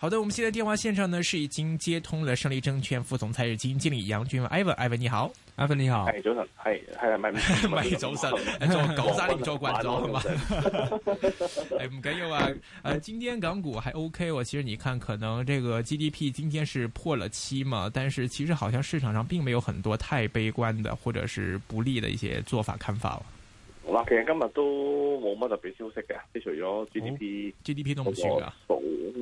好的，我們現在電話線上呢是已經接通了勝利證券副總裁、基金經理楊俊文。Ivan，Ivan 你好，Ivan 你好。係早晨，係係啊，唔係唔係早晨，做狗做觀眾係嘛？哎，唔緊要啊。呃，今天港股還 OK。我其實你看，可能這個 GDP 今天是破了七嘛，但是其實好像市場上並沒有很多太悲觀的或者是不利的一些做法看法了。嗱，其實今日都冇乜特別消息嘅，即係除咗 GDP，GDP、哦、都冇數，咁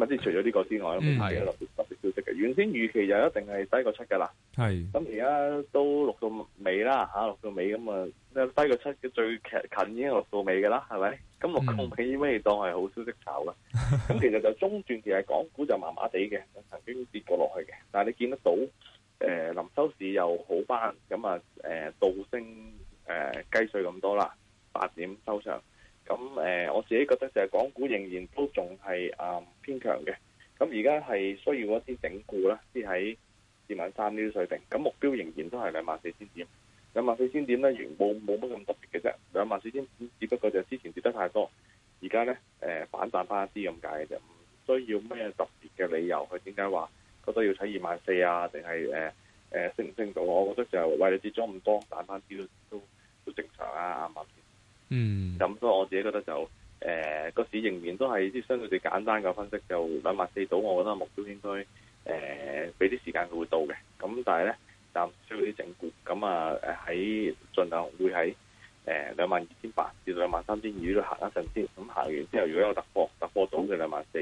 啊，即係除咗呢個之外，都冇其他特別消息嘅。原先預期就一定係低過七嘅啦，係。咁而家都六到尾啦，嚇、啊、六到尾咁啊、嗯，低過七嘅最近近已經六到尾嘅啦，係咪？咁、嗯、六到尾咪當係好消息炒啦？咁 其實就中段其實港股就麻麻地嘅，曾經跌過落去嘅，但係你見得到，誒臨收市又好返，咁啊誒倒升誒雞碎咁多啦。八點收場咁誒、呃，我自己覺得就係港股仍然都仲係誒偏強嘅。咁而家係需要一啲整固啦，啲喺二萬三呢啲水平。咁目標仍然都係兩萬四千點。兩萬四千點咧，原冇冇乜咁特別嘅啫。兩萬四千點只不過就之前跌得太多，而家咧誒反彈翻一啲咁解嘅啫，唔需要咩特別嘅理由。佢點解話覺得要睇二萬四啊？定係誒誒升唔升到？我覺得就係為你跌咗咁多，賺翻啲都都都正常啊，阿文。嗯，咁所以我自己覺得就，誒、呃、個市仍然都係，即相對最簡單嘅分析就兩萬四到我覺得目標應該，誒俾啲時間佢會到嘅，咁但係咧，暫時需要啲整固，咁啊喺盡量會喺，誒兩萬二千八至兩萬三千二度行一陣先，咁行完之後如果有突破突破到嘅兩萬四，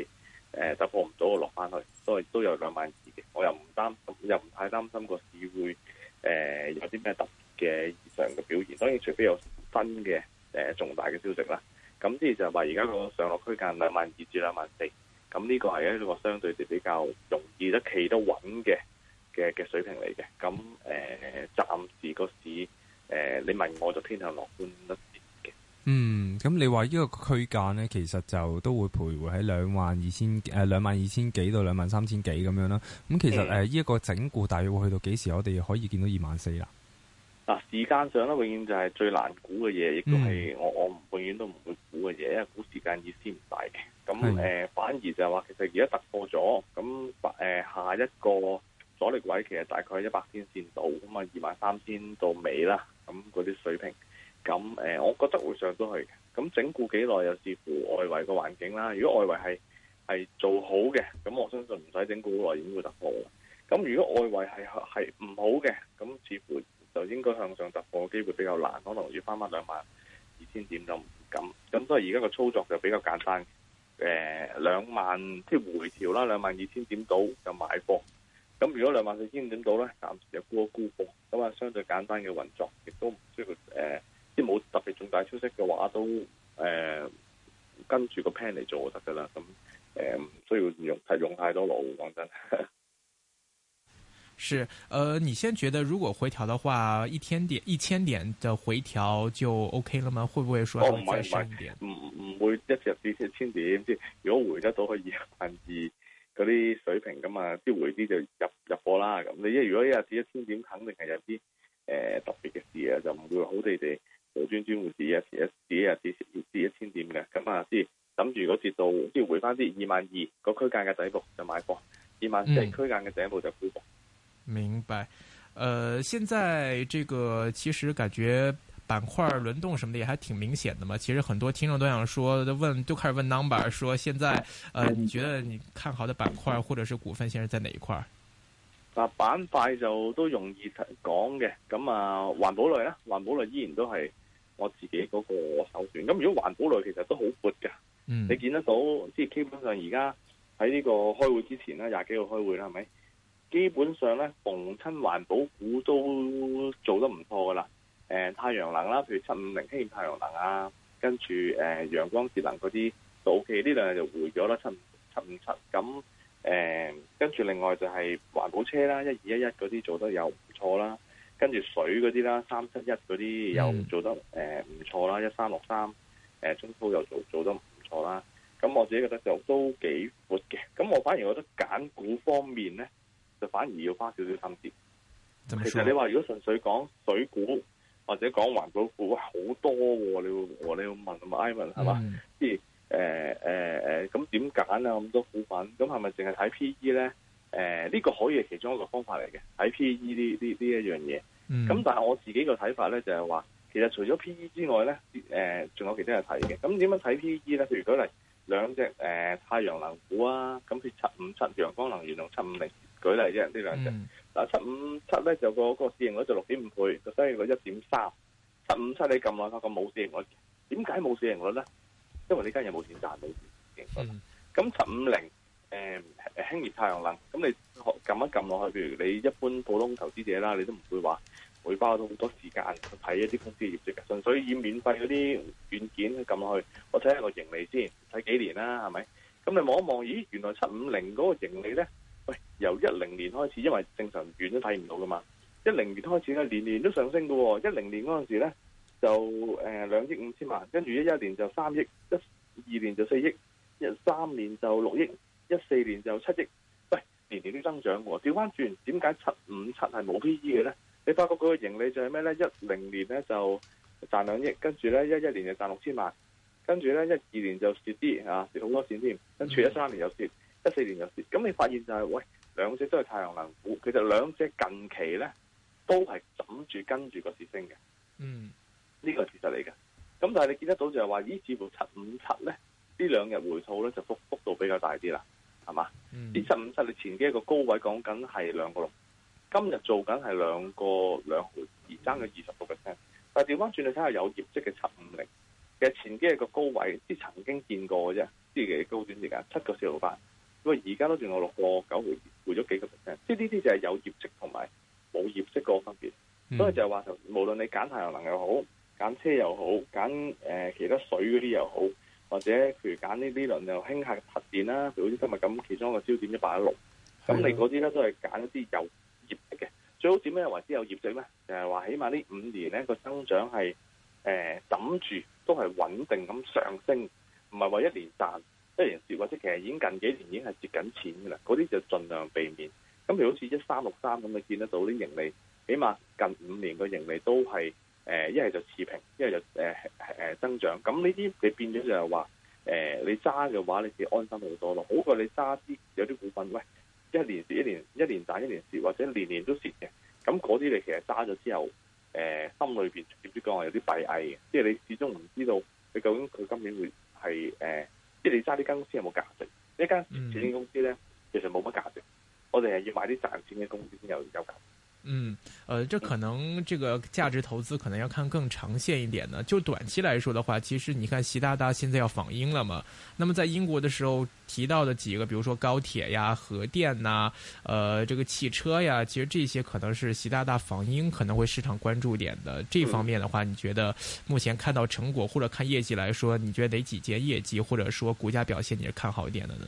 誒突破唔到就落翻去，所以都有兩萬二嘅，我又唔擔，又唔太擔心個市會，誒、呃、有啲咩特別嘅異常嘅表現，所以除非有新嘅。誒、呃、重大嘅消息啦，咁即係就話而家個上落區間兩萬二至兩萬四，咁、這、呢個係一個相對就比較容易得企得穩嘅嘅嘅水平嚟嘅。咁、嗯、誒，暫、呃、時個市誒、呃，你問我就偏向樂觀一啲嘅。嗯，咁你話呢個區間咧，其實就都會徘徊喺兩萬二千誒兩萬二千幾到兩萬三千幾咁樣啦。咁、嗯嗯、其實誒呢一個整固，大約會去到幾時？我哋可以見到二萬四啦。時間上咧，永遠就係最難估嘅嘢，亦都係我我永遠都唔會估嘅嘢，因為估時間意思唔大嘅。咁誒、呃，反而就係話，其實而家突破咗，咁誒、呃、下一個阻力位其實大概一百天線度啊，二萬三千到尾啦。咁嗰啲水平，咁誒、呃，我覺得會上到去嘅。嘅。咁整固幾耐又視乎外圍個環境啦。如果外圍係係做好嘅，咁我相信唔使整固好耐已經會突破。咁如果外圍係係唔好嘅，咁似乎就應該向上。機會比較難，可能要翻翻兩萬二千點就唔咁，咁所以而家個操作就比較簡單。誒、呃，兩萬即係、就是、回調啦，兩萬二千點到就買貨。咁如果兩萬四千點到咧，暫時就沽一沽貨。咁啊，相對簡單嘅運作，亦都唔需要誒，即係冇特別重大消息嘅話，都誒、呃、跟住個 plan 嚟做就得噶啦。咁誒，唔、呃、需要用係用太多腦，講真。 是，呃，你先覺得如果回調的話，一千點一千點的回調就 OK 了嗎？會不會說再升一點？唔、哦、唔會一日跌一千點，即係如果回得到可以二萬二嗰啲水平咁啊，即回啲就入入貨啦。咁你一如果一日跌一千點，肯定係有啲誒特別嘅事啊，就唔會好地地就轉轉會跌一跌跌一日跌跌一千點嘅。咁啊，即係諗住如果跌到即係回翻啲二萬二、那個區間嘅底部就買貨，二萬即係區間嘅底部就明白，呃，現在這個其實感覺板塊輪動什麼的也還挺明顯的嘛。其實很多聽眾都想說，都問都開始問 Number 說，現在呃，你覺得你看好的板塊或者是股份，現在在哪一塊？啊，板塊就都容易講嘅，咁啊，環保類啦，環保類依然都係我自己嗰個首選。咁如果環保類其實都好闊嘅，嗯，你見得到，即係基本上而家喺呢個開會之前啦，廿幾號開會啦，係咪？基本上咧，逢親環保股都做得唔錯噶啦、呃。太陽能啦，譬如七五零興太陽能啊，跟住誒、呃、陽光節能嗰啲都 OK，呢兩日就回咗啦，七五七五七咁誒。跟住另外就係環保車啦，一二一一嗰啲做得又唔錯啦。跟住水嗰啲啦，三七一嗰啲又做得誒唔錯啦，一三六三中高又做做得唔錯啦。咁我自己覺得就都幾闊嘅。咁我反而覺得揀股方面咧，就反而要花少少心思。其實你話如果純粹講水股或者講環保股，好多、哦，你會你要問咁，問 Ivan 係嘛？即係誒誒誒，咁點揀啊？咁多股份，咁係咪淨係睇 P E 咧？誒，呢、這個可以係其中一個方法嚟嘅，睇 P E 呢呢呢一樣嘢。咁、嗯、但係我自己個睇法咧就係、是、話，其實除咗 P E 之外咧，誒仲有其他嘢睇嘅。咁點樣睇 P E 咧？譬如舉例。兩隻誒、呃、太陽能股啊，咁佢七五七，陽光能源同七五零，750，舉例啫，嗯、呢兩隻。嗱七五七咧就，個個市盈率就六點五倍，就市盈率一點三。七五七你撳落去，個冇市盈率，點解冇市盈率咧？因為呢間嘢冇錢賺，到，咁七五零誒、興業、呃、太陽能，咁你撳一撳落去，譬如你一般普通投資者啦，你都唔會話。會包到好多時間去睇一啲公司業績嘅，純粹以免費嗰啲軟件撳落去，我睇下個盈利先，睇幾年啦，係咪？咁你望一望，咦，原來七五零嗰個盈利咧，喂，由一零年開始，因為正常遠都睇唔到噶嘛，一零年開始啦，年年都上升噶喎、哦，一零年嗰陣時咧就誒兩億五千萬，跟住一一年就三億，一二年就四億，一三年就六億，一四年就七億，喂，年年都增長喎、哦，調翻轉，點解七五七係冇 P E 嘅咧？你發覺佢嘅盈利就係咩咧？一零年咧就賺兩億，跟住咧一一年就賺六千萬，跟住咧一二年就蝕啲啊，蝕好多錢添。跟住一三年又蝕，一四年又蝕。咁你發現就係、是、喂，兩隻都係太陽能股，其實兩隻近期咧都係枕住跟住個市升嘅。嗯，呢、這個係事實嚟嘅。咁但係你見得到就係話，咦，似乎七五七咧呢這兩日回吐咧就幅幅度比較大啲啦，係嘛？呢、嗯、七五七你前幾日個高位講緊係兩個六。今日做緊係兩個兩毫而爭嘅二十個 percent，但係調翻轉你睇下有業績嘅七五零，其實前幾日個高位即係曾經見過嘅啫，即係高段時間七個四六八，咁而家都仲有六個九毫，回咗幾個 percent，即係呢啲就係有業績同埋冇業績個分別、嗯，所以就係話無論你揀太陽能又好，揀車又好，揀誒、呃、其他水嗰啲又好，或者譬如揀呢啲輪又輕客嘅核電啦，譬如好似今日咁其中一個焦點是 86, 是那那一百一六，咁你嗰啲咧都係揀一啲有。業績嘅，最好點樣為之有業績咧？就係話起碼呢五年咧個增長係誒枕住都係穩定咁上升，唔係話一年賺一年蝕，或者其實已經近幾年已經係蝕緊錢噶啦。嗰啲就盡量避免。咁譬如好似一三六三咁，你見得到啲盈利，起碼近五年個盈利都係誒一係就持平，一係就誒誒、呃呃呃、增長。咁呢啲你變咗就係話誒你揸嘅話，你自己安心好多咯。好過你揸啲有啲股份喂。一年蝕一年，一年賺一年蝕，或者年年都蝕嘅，咁嗰啲你其實揸咗之後，誒、呃，心裏邊點知講啊，有啲弊翳嘅，即、就、係、是、你始終唔知道你究竟佢今年會係誒，即、呃、係你揸呢間公司有冇價值？呢一間保險公司咧。.呃，這可能這個價值投資可能要看更長線一點呢。就短期來說的話，其實你看習大大現在要訪英了嘛？那麼在英國的時候提到的幾個，比如說高鐵呀、核電呐、呃這個汽車呀，其實這些可能是習大大訪英可能會市場關注點的這方面的話，嗯，你覺得目前看到成果或者看業績來說，你覺得哪幾件業績或者說股價表現你是看好一點的呢？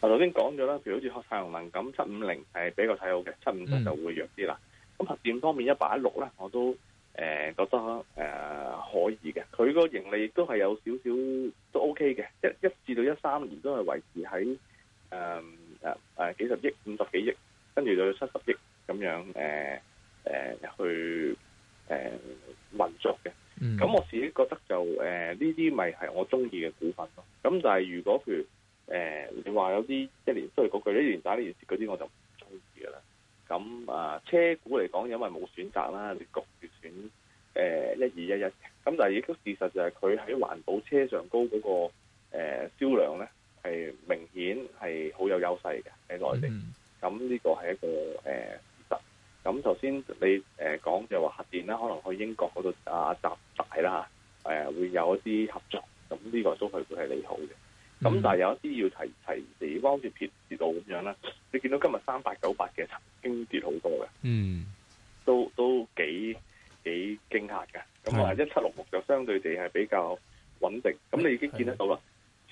我頭先講咗啦，譬如好似太陽能咁，七五零係比較睇好嘅，七五七就會弱啲啦。嗯。咁核電方面一八一六咧，我都誒、呃、覺得誒、呃、可以嘅。佢個盈利都係有少少都 OK 嘅，一一至到一三年都係維持喺誒誒誒幾十億、五十幾億，跟住到七十億咁樣誒誒、呃呃、去誒、呃、運作嘅。咁、嗯、我自己覺得就誒呢啲咪係我中意嘅股份咯。咁但係如果譬如誒、呃、你話有啲一年衰嗰、即係、句，一年打呢年蝕嗰啲，嗰啲我就唔中意噶啦。咁啊，車股嚟講，因為冇選擇啦，你焗住選誒一二一一嘅。咁、呃、但係亦都事實就係佢喺環保車上高嗰、嗰個誒、呃、銷量咧，係明顯係好有優勢嘅喺內地。咁、嗯、呢、嗯、個係一個誒事實。咁頭先你誒講就話核電啦，可能去英國嗰度啊，集大啦，誒、呃、會有一啲合作，咁呢個都係會係利好嘅。咁、嗯、但係有一啲要提提地，好似鐵鐵路咁樣啦。你見到今日三八九八嘅曾經跌好多嘅，嗯，都都幾幾驚嚇嘅。咁、嗯、啊，一七六六就相對地係比較穩定。咁你已經見得到啦。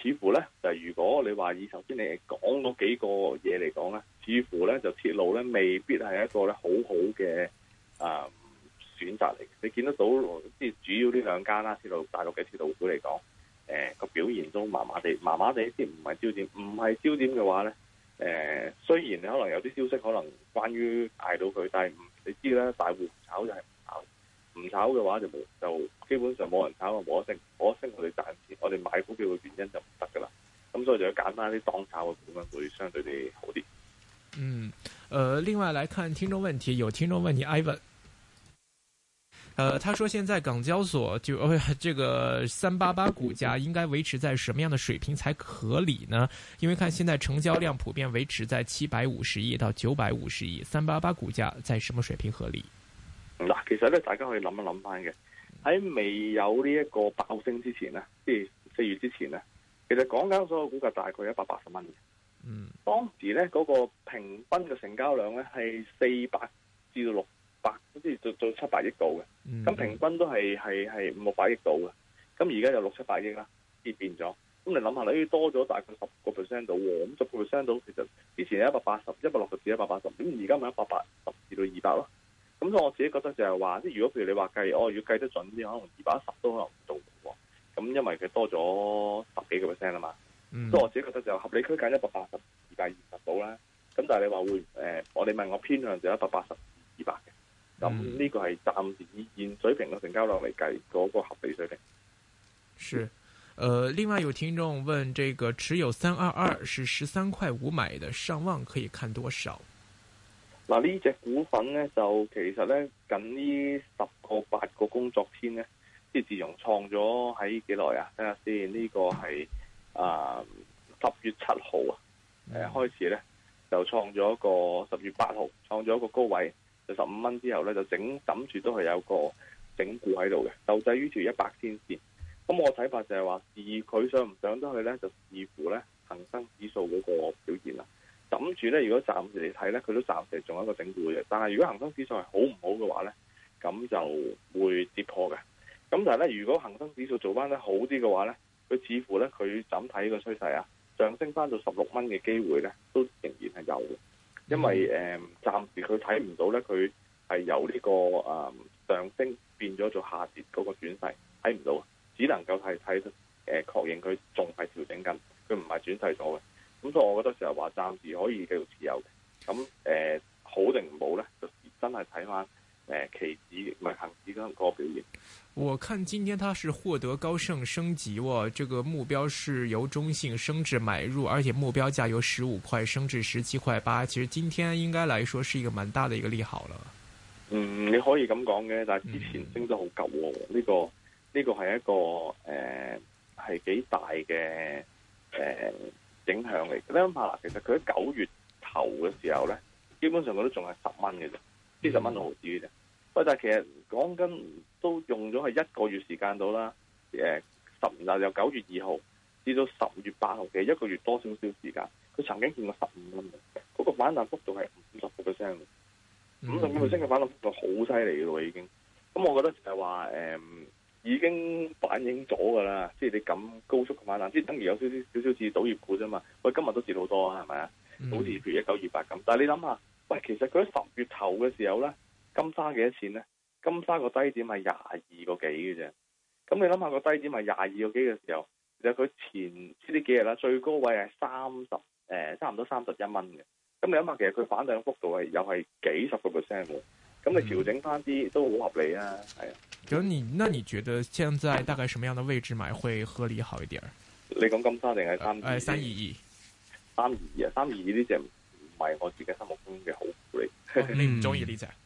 似乎咧，就如果你話以頭先你講嗰幾個嘢嚟講咧，似乎咧就鐵路咧未必係一個咧好好嘅啊選擇嚟。你見得到即係主要呢兩間啦，鐵路大陸嘅鐵路股嚟講。誒、呃，個表現都麻麻地，麻麻地，啲唔係焦點，唔係焦點嘅話咧，誒、呃，雖然可能有啲消息可能關於捱到佢，但係你知啦，大戶唔炒就係唔炒，唔炒嘅話就就基本上冇人炒啊，冇得升，冇得升佢哋賺錢，佢哋暫時我哋買股票嘅原因就唔得噶啦。咁所以就要揀翻啲當炒嘅股份會相對地好啲。嗯，誒、呃，另外嚟看聽眾問題，有聽眾問你，Ivan。呃，他說現在港交所就哦，這個三八八股價應該維持在什麼樣的水平才合理呢？因為看現在成交量普遍維持在七百五十億到九百五十億，三八八股價在什麼水平合理？嗱，其實咧，大家可以諗一諗翻嘅，喺未有呢一個爆升之前咧，即係四月之前呢，其實港交所嘅股價大概一百八十蚊嘅。嗯，當時咧嗰個平均嘅成交量咧係四百至到六。百，即係做做七百億度嘅，咁平均都係係係五六百億度嘅，咁而家就六七百億啦，跌變咗。咁你諗下，你多咗大概十個 percent 到，咁十個 percent 到，其實以前係一百八十、一百六十至一百八十，咁而家咪一百八十至到二百咯。咁所以我自己覺得就係、是、話，即係如果譬如你話計我要果計得準啲，可能二百一十都可能唔到嘅。咁因為佢多咗十幾個 percent 啦嘛，所以我自己覺得就是合理區間一百八十至到二百二十到啦。咁但係你話會誒，我、呃、哋問我偏向就一百八十。咁呢個係暫時以現水平嘅成交量嚟計，嗰、那個合理水平。是，呃、另外有聽眾問，這個持有三二二是十三塊五買的，上望可以看多少？嗱、嗯，呢、這、隻、個、股份呢，就其實呢，近呢十個八個工作天呢，即係自從創咗喺幾耐啊？睇下先，呢、這個係啊十月七號啊，開始呢，就創咗一個十月八號創咗一個高位。十五蚊之後咧，就整枕住都係有個整固喺度嘅。就滯於條一,一百天線，咁我睇法就係話，而佢上唔上得去咧，就視乎咧恒生指數嗰個表現啦。枕住咧，如果暫時嚟睇咧，佢都暫時仲有一個整固嘅。但係如果恒生指數係好唔好嘅話咧，咁就會跌破嘅。咁但係咧，如果恒生指數做翻得好啲嘅話咧，佢似乎咧佢枕睇呢個趨勢啊，上升翻到十六蚊嘅機會咧，都仍然係有嘅。因為誒，暫、呃、時佢睇唔到咧，佢係由呢、這個誒、呃、上升變咗做下跌嗰、那個轉勢，睇唔到，只能夠係睇誒確認佢仲係調整緊，佢唔係轉勢咗嘅。咁所以我覺得成日話暫時可以繼續持有嘅。咁誒、呃，好定唔好咧，就真係睇翻誒期指唔係恒指嗰個表現。我看，今天它是獲得高盛升級喎，這個目標是由中性升至買入，而且目標價由十五塊升至十七塊八。其實今天應該來說是一個蠻大的一個利好了。嗯，你可以咁講嘅，但係之前升得好夠、哦、呢、嗯呢個呢、呢個係一個誒係幾大嘅誒影響嚟。你諗下嗱，其實佢喺九月頭嘅時候咧，基本上佢都仲係十蚊嘅啫，四十蚊毫紙嘅。喂，但係其實講緊都用咗係一個月時間到啦。誒，十日由九月二號至到十月八號，其實一個月多少少時間。佢曾經見過十五蚊，嗰個反彈幅度係五十個 percent，五十個 percent 嘅反彈幅度好犀利嘅喎已經。咁我覺得就係話誒，已經反映咗㗎啦。即係你咁高速嘅反彈，即係等於有少少少少似賭業股啫嘛。喂，今日都跌好多係咪啊？好似譬如一九二八咁。但係你諗下，喂，其實佢喺十月頭嘅時候咧。.金沙幾多錢咧？金沙個低點係廿二個幾嘅啫。咁你諗下個低點係廿二個幾嘅時候，其實佢前呢啲幾日咧，最高位係三十誒，差唔多三十一蚊嘅。咁你諗下，其實佢反向幅度係又係幾十個 percent 嘅。咁你調整翻啲都好合理啊。係、嗯、啊。咁你，那你覺得現在大概什麼樣嘅位置買會合理好一點？你講金沙定係三三二二三二二三二二呢隻唔係我自己心目中嘅好股嚟、哦。你唔中意呢隻？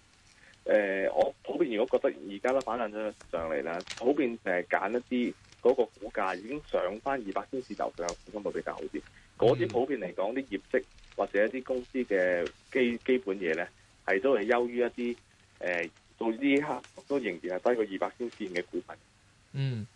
誒、呃，我普遍如果覺得而家都反彈咗上嚟啦，普遍誒揀一啲嗰個股價已經上返二百點市頭嘅股東度比較好啲，嗰、嗯、啲普遍嚟講啲業績或者一啲公司嘅基基本嘢咧，係都係優於一啲誒、呃、到呢刻都仍然係低過二百天線嘅股份。嗯。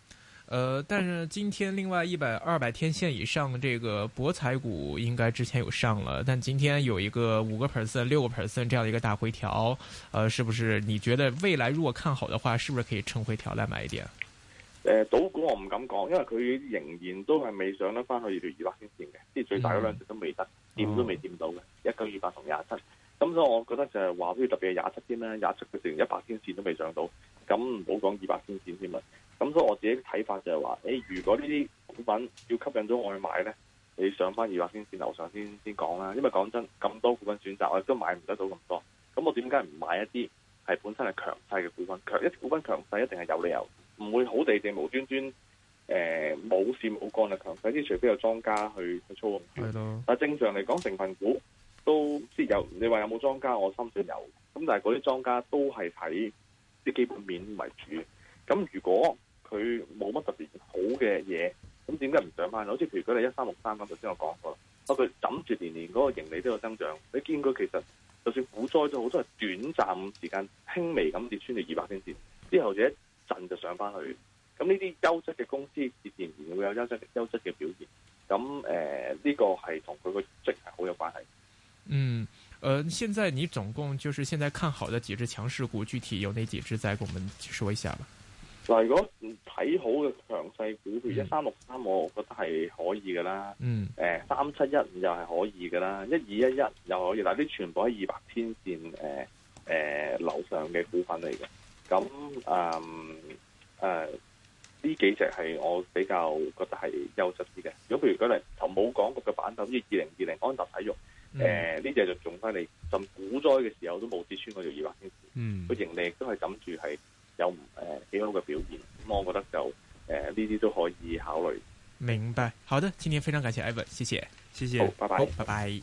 呃，但是今天另外一百二百天線以上，這個博彩股應該之前有上了，但今天有一個五個 percent、六個 percent 這樣的一個大回調，呃，是不是你覺得未來如果看好的話，是不是可以趁回調來買一點？誒、呃，賭股我唔敢講，因為佢仍然都係未上得翻去條百天線嘅，即係最大嗰兩隻都未得，掂、嗯、都未掂到嘅，一九二八同廿七，咁所以我覺得就係話，譬如特別係廿七先啦，廿七佢連一百天線都未上到，咁唔好講二百天線先啊。咁所以我自己嘅睇法就係話，誒，如果呢啲股份要吸引咗我去買咧，你上翻二百天線，樓上先先講啦。因為講真，咁多股份選擇，我亦都買唔得到咁多。咁我點解唔買一啲係本身係強勢嘅股份？強一股份強勢一定係有理由，唔會好地地無端端呃，冇線冇干嘅強勢。啲除非有莊家去操控。係咯。但係正常嚟講，成分股都即係有，你話有冇莊家？我心算有。咁但係嗰啲莊家都係睇啲基本面為主。咁如果，佢冇乜特別好嘅嘢，咁點解唔上翻？好似譬如佢哋一三六三咁，頭先我講過啦，不過枕住年年嗰個盈利都有增長，你見佢其實就算股災咗，好多係短暫時間輕微咁跌穿咗二百天線，之後就一陣就上翻去。咁呢啲優質嘅公司自然然會有優質優質嘅表現。咁、呃、誒，呢、這個係同佢個質係好有關係。嗯，誒，現在你總共就是現在看好的幾隻強勢股，具體有哪幾隻？再跟我們說一下吧。嗱，如果睇好嘅強勢股，票，一三六三，我覺得係可以嘅啦。嗯。誒、呃，三七一五又係可以嘅啦，一二一一又可以。嗱，啲全部喺二百天線誒誒樓上嘅股份嚟嘅。咁誒誒，呢、呃呃、幾隻係我比較覺得係優質啲嘅。如果譬如佢嚟，冇講嗰嘅板就好似二零二零安踏體育，誒呢隻就仲翻嚟。就股災嘅時候都冇止穿嗰條二百天線，佢、嗯、盈利都係諗住係。有唔誒幾好嘅表現，咁、嗯、我覺得就誒呢啲都可以考慮。明白，好的，今天非常感謝 Ivan，謝謝，謝謝，拜拜，拜拜。